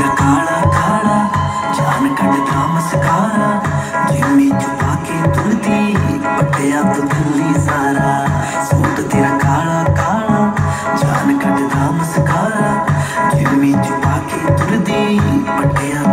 गया काला काला जान कटदा मस्कारा जिम्मी चुपा के तुलती पटिया तो थली सारा सूट तेरा काला काला जान कटदा मस्कारा जिम्मी चुपा के तुलती पटिया